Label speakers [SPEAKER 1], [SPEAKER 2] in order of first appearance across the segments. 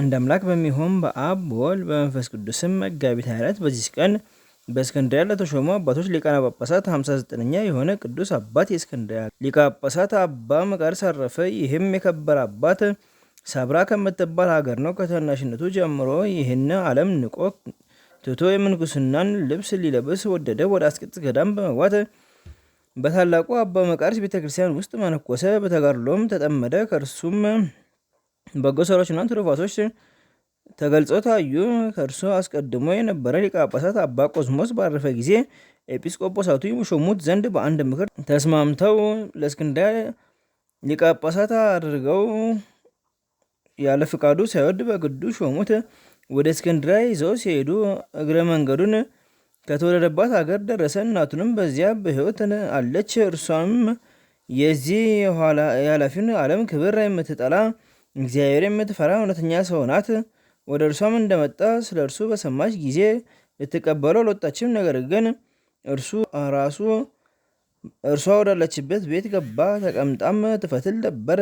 [SPEAKER 1] አንድ አምላክ በሚሆን በአብ በወልድ በመንፈስ ቅዱስም መጋቢት 24 በዚህ ቀን በእስክንድሪያ ለተሾሙ አባቶች ሊቃነ ጳጳሳት 59ኛ የሆነ ቅዱስ አባት የእስክንድሪያ ሊቀ ጳጳሳት አባ መቃርስ አረፈ። ይህም የከበረ አባት ሳብራ ከምትባል ሀገር ነው። ከታናሽነቱ ጀምሮ ይህን ዓለም ንቆ ትቶ የምንኩስናን ልብስ ሊለብስ ወደደ። ወደ አስቄጥስ ገዳም በመግባት በታላቁ አባ መቃርስ ቤተክርስቲያን ውስጥ መነኮሰ። በተጋድሎም ተጠመደ። ከእርሱም በጎ ስራዎችና ትሩፋቶች ተገልጸው ታዩ። ከእርሱ አስቀድሞ የነበረ ሊቀ ጳጳሳት አባ ቆስሞስ ባረፈ ጊዜ ኤጲስቆጶሳቱ ይሾሙት ዘንድ በአንድ ምክር ተስማምተው ለእስክንድርያ ሊቀ ጳጳሳት አድርገው ያለ ፍቃዱ ሳይወድ በግዱ ሾሙት። ወደ እስክንድርያ ይዘው ሲሄዱ እግረ መንገዱን ከተወለደባት ሀገር ደረሰ። እናቱንም በዚያ በሕይወት አለች። እርሷም የዚህ የኃላፊውን ዓለም ክብር የምትጠላ እግዚአብሔር የምትፈራ እውነተኛ ሰው ናት። ወደ እርሷም እንደመጣ ስለ እርሱ በሰማች ጊዜ ልትቀበለው አልወጣችም። ነገር ግን እርሱ ራሱ እርሷ ወዳለችበት ቤት ገባ። ተቀምጣም ትፈትል ነበር።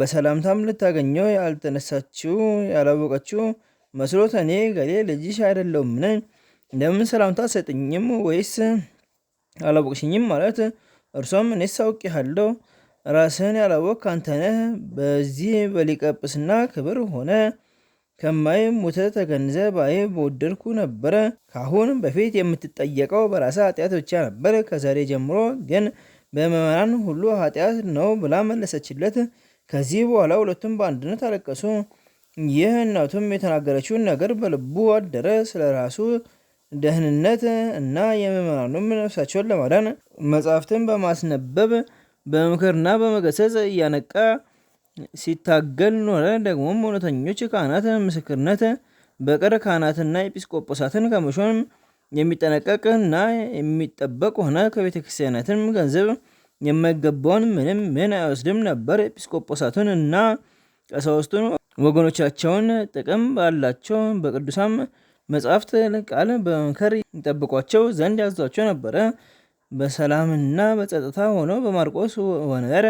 [SPEAKER 1] በሰላምታም ልታገኘው ያልተነሳችው ያላወቀችው መስሎት እኔ ገሌ ልጅሽ አይደለውምን? ለምን ሰላምታ ሰጥኝም ወይስ አላወቅሽኝም? ማለት እርሷም እኔስ አውቄሃለሁ ራስህን ያላወቅ ነህ። በዚህ በሊቀ ክብር ሆነ ከማይ ሙተ ተገንዘ ባይ በወደድኩ ነበረ። ካሁን በፊት የምትጠየቀው በራሳ ኃጢአት ብቻ ነበር፣ ከዛሬ ጀምሮ ግን በምዕመናን ሁሉ ኃጢአት ነው ብላ መለሰችለት። ከዚህ በኋላ ሁለቱም በአንድነት አለቀሱ። ይህ እናቱም የተናገረችውን ነገር በልቡ አደረ። ስለ ራሱ ደህንነት እና የምዕመናኑም ነፍሳቸውን ለማዳን መጽሐፍትን በማስነበብ በምክርና በመገሰጽ እያነቃ ሲታገል ኖረ። ደግሞም እውነተኞች ካህናት ምስክርነት በቀር ካህናትና ኤጲስቆጶሳትን ከመሾን የሚጠነቀቅ እና የሚጠበቅ ሆነ። ከቤተ ክርስቲያናትም ገንዘብ የማይገባውን ምንም ምን አይወስድም ነበር። ኤጲስቆጶሳቱን እና ቀሳውስቱን ወገኖቻቸውን ጥቅም ባላቸው በቅዱሳም መጻሕፍት ቃል በመምከር ይጠብቋቸው ዘንድ ያዟቸው ነበረ። በሰላምና በጸጥታ ሆኖ በማርቆስ ወንበር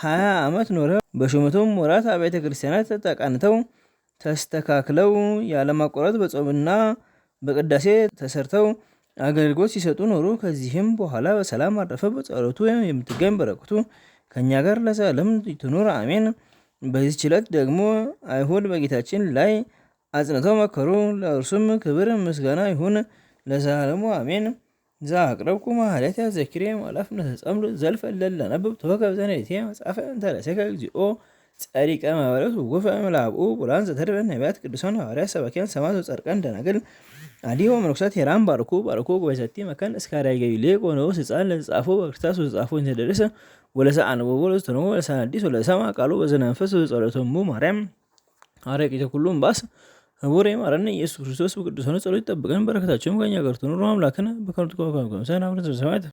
[SPEAKER 1] 20 ዓመት ኖረ። በሹመቱም ወራት አብያተ ክርስቲያናት ተቃንተው ተስተካክለው ያለማቋረጥ በጾምና በቅዳሴ ተሰርተው አገልግሎት ሲሰጡ ኖሩ። ከዚህም በኋላ በሰላም አረፈ። በጸሎቱ የምትገኝ በረከቱ ከእኛ ጋር ለዘላለም ትኑር አሜን። በዚህች ዕለት ደግሞ አይሁድ በጌታችን ላይ አጽንተው መከሩ። ለእርሱም ክብር ምስጋና ይሁን ለዘላለሙ አሜን። ዘአቅረብኩ ማኅሌተ ዘኪርየ ወለአፍኖተ ጸምዱ ዘልፈለለ ለነብብ ተወከብ ዘነቲየ መጽሐፈ እንተርእሰከ እግዚኦ ጸሪቀ ማኅበረቱ ውፈ እምላብኡ ቡራን ዘተርፈ ነቢያት ቅዱሳን ሐዋርያት ሰባክያን ሰማዕት ወጻድቃን ደናግል አዲሁ መነኮሳት ሄራን ባርኩ ባርኩ ወበሰቲ መካን እስካርያ ገሊሌ ቆኖስ ሕፃን ለተጻፎ በክርስቶስ ወተጻፎ እንተደረሰ ወለሰአንብቦ ለዝተንሞ ወለሰአዲስ ወለሰማ ቃሉ በዘመንፈስ ጸሎቶሙ ማርያም አረቂተ ኩሉ እምባስ ህቡር የማረነ ኢየሱስ ክርስቶስ በቅዱሳኑ ጸሎት ይጠብቀን። በረከታቸውም ከእኛ ጋር ትኑር። አምላክን በከርቱ ሰናብረት ሰማት